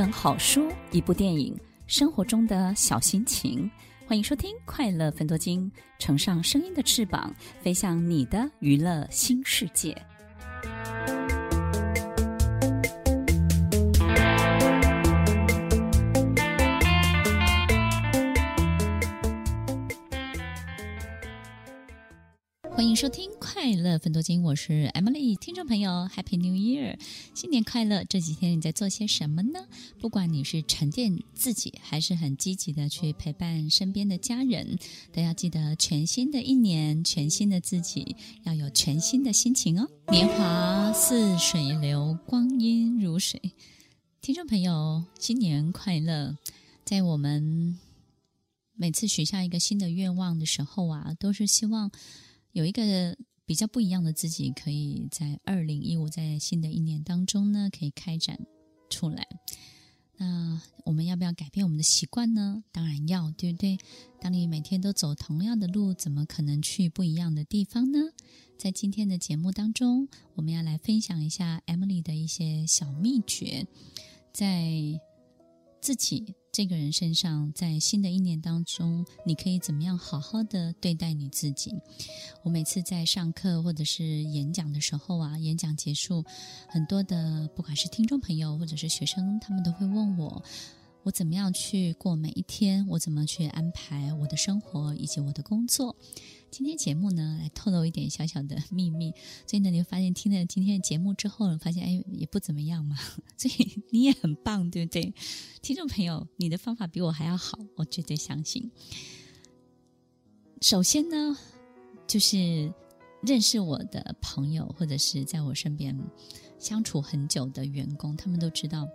一本好書，一部電影，生活中的小心情。歡迎收聽《快樂分多金》，乘上聲音的翅膀，飛向你的娛樂心視界。歡迎收聽《快樂芬多精》，我是 Emily。聽眾朋友，Happy New Year，新年快樂！這幾天你在做些什麼呢？不管你是沉澱自己，還是很積極地去陪伴身邊的家人，都要記得全新的一年，全新的自己，要有全新的心情哦。年華似水流，光陰如水。聽眾朋友，新年快樂！在我們每次許下一個新的願望的時候啊，都是希望。有一個比較不一樣的自己，可以在二零一五，在新的一年當中呢，可以開展出來。那我們要不要改變我們的習慣呢？當然要，對不對？當你每天都走同樣的路，怎麼可能去不一樣的地方呢？在今天的節目當中，我們要來分享一下 Emily 的一些小秘訣，在自己。這個人身上，在新的一年當中，你可以怎麼樣好好的對待你自己？我每次在上課或者是演講的時候啊，演講結束，很多的不管是聽眾朋友或者是學生，他們都會問我，我怎麼樣去過每一天？我怎麼去安排我的生活以及我的工作？今天節目呢，來透露一點小小的秘密。所以呢，你會發現聽了今天的節目之後，發現哎，也不怎麼樣嘛。所以你也很棒，對不對？聽眾朋友，你的方法比我還要好，我絕對相信。首先呢，就是認識我的朋友，或者是在我身邊相處很久的員工，他們都知道。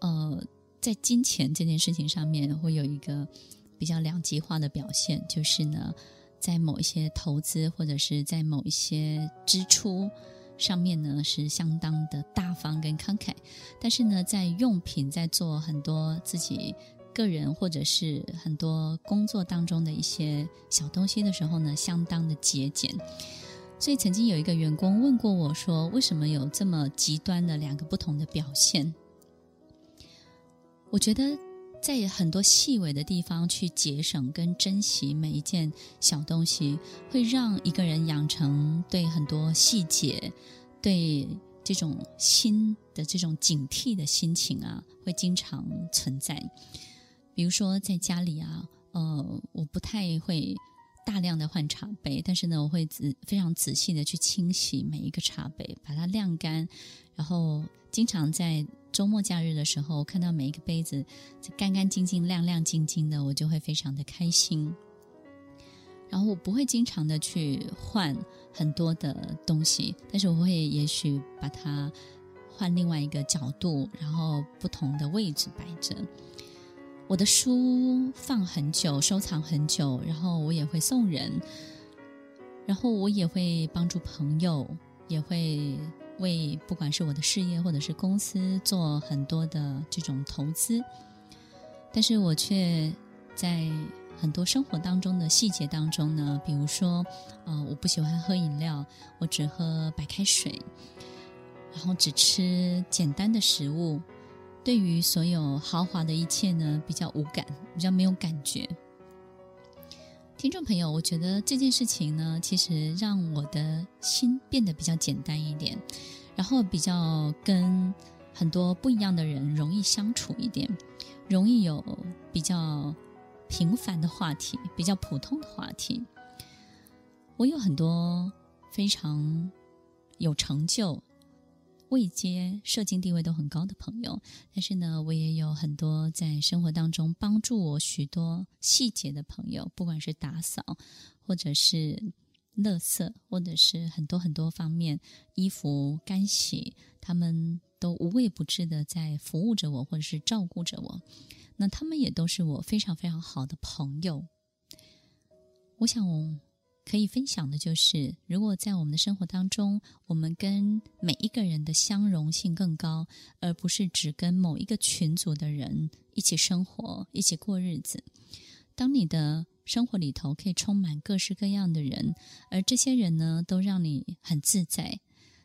呃，在金錢這件事情上面，會有一個比較兩極化的表現，就是呢，在某一些投資或者是在某一些支出上面呢，是相當的大方跟慷慨；但是呢，在用品，在做很多自己個人或者是很多工作當中的一些小東西的時候呢，相當的節儉。所以，曾經有一個員工問過我說：“為什麼有這麼極端的兩個不同的表現？”我覺得，在很多細微的地方去節省跟珍惜每一件小東西，會讓一個人養成對很多細節、對這種心的這種警惕的心情啊，會經常存在。比如說在家裡啊，呃，我不太會。大量的換茶杯，但是呢，我會仔非常仔細的去清洗每一個茶杯，把它晾乾，然後經常在周末假日的時候，我看到每一個杯子乾乾淨淨、亮亮晶晶的，我就會非常的開心。然後我不會經常的去換很多的東西，但是我會也許把它換另外一個角度，然後不同的位置擺着。我的書放很久，收藏很久，然後我也會送人，然後我也會幫助朋友，也會為不管是我的事業或者是公司做很多的這種投資，但是我卻在很多生活當中的細節當中呢，比如說，呃，我不喜歡喝飲料，我只喝白開水，然後只吃簡單的食物。對於所有豪華的一切呢，比較無感，比較沒有感覺。聽眾朋友，我覺得這件事情呢，其實讓我的心變得比較簡單一點，然後比較跟很多不一樣的人容易相處一點，容易有比較平凡的話題，比較普通的話題。我有很多非常有成就。位階、社經地位都很高的朋友，但是呢，我也有很多在生活當中幫助我許多細節的朋友，不管是打掃，或者是垃圾，或者是很多很多方面，衣服乾洗，他們都無微不至的在服務着我，或者是照顧着我。那他們也都是我非常非常好的朋友。我想、哦。可以分享的就是，如果在我們的生活當中，我們跟每一個人的相容性更高，而不是只跟某一個群組的人一起生活、一起過日子。當你的生活裡頭可以充滿各式各樣的人，而這些人呢，都讓你很自在。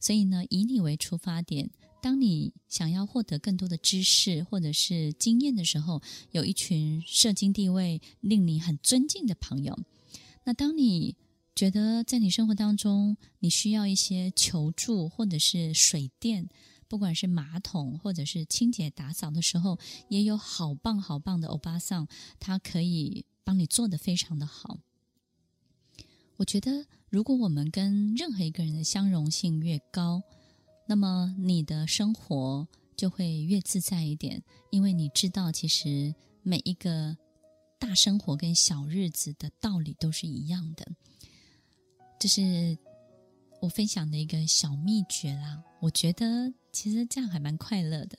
所以呢，以你為出發點，當你想要獲得更多的知識或者是經驗的時候，有一群社經地位令你很尊敬的朋友，那當你。覺得在你生活當中，你需要一些求助，或者是水電，不管是馬桶或者是清潔打掃的時候，也有好棒好棒的歐巴桑，他可以幫你做得非常的好。我覺得，如果我們跟任何一個人的相容性越高，那麼你的生活就會越自在一點，因為你知道，其實每一個大生活跟小日子的道理都是一樣的。就是我分享的一個小秘訣啦，我覺得其實這樣還蠻快樂的。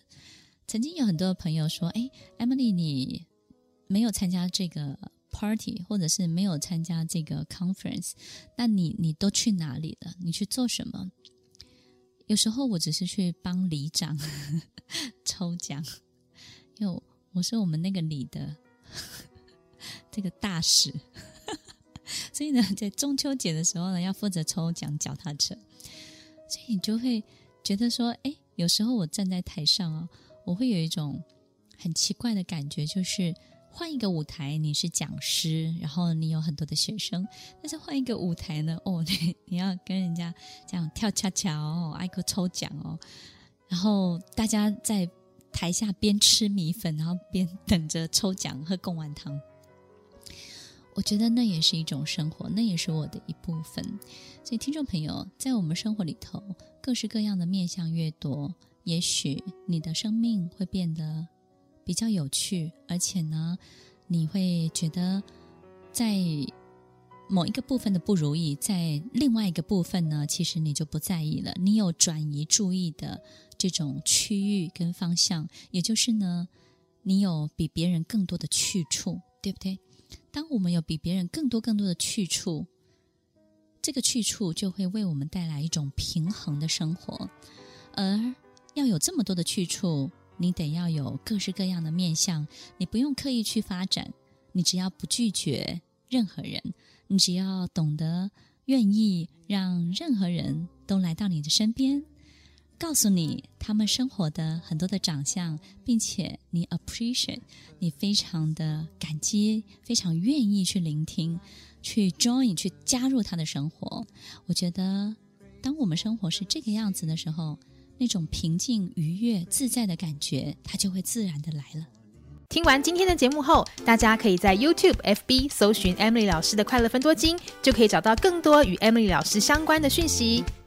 曾經有很多朋友說：“誒 e m i l y 你沒有參加這個 party，或者是沒有參加這個 conference，那你你都去哪裡了？你去做什麼？”有時候我只是去幫里長抽獎，因為我說是我們那個里的這個大使。所以呢，在中秋節的時候呢，要負責抽獎腳踏車，所以你就會覺得說，誒、欸，有時候我站在台上哦，我會有一種很奇怪的感覺，就是換一個舞台，你是講師，然後你有很多的學生；但是換一個舞台呢，哦，你你要跟人家這樣跳恰恰哦，挨個抽獎哦，然後大家在台下邊吃米粉，然後邊等着抽獎，喝貢丸湯。我覺得那也是一種生活，那也是我的一部分。所以，聽眾朋友，在我們生活裡頭，各式各樣的面向越多，也許你的生命會變得比較有趣，而且呢，你會覺得在某一個部分的不如意，在另外一個部分呢，其實你就不在意了。你有轉移注意的這種區域跟方向，也就是呢，你有比別人更多的去處，對不對？當我們有比別人更多更多的去處，這個去處就會為我們帶來一種平衡的生活。而要有這麼多的去處，你得要有各式各樣的面相。你不用刻意去發展，你只要不拒絕任何人，你只要懂得願意讓任何人都來到你的身邊。告訴你他們生活的很多的長相，並且你 appreciate，你非常的感激，非常願意去聆聽，去 join，去加入他的生活。我覺得，當我們生活是這個樣子的時候，那種平靜、愉悅、自在的感覺，它就會自然的來了。聽完今天的節目後，大家可以在 YouTube、FB 搜尋 Emily 老師的快樂分多金，就可以找到更多與 Emily 老師相關的訊息。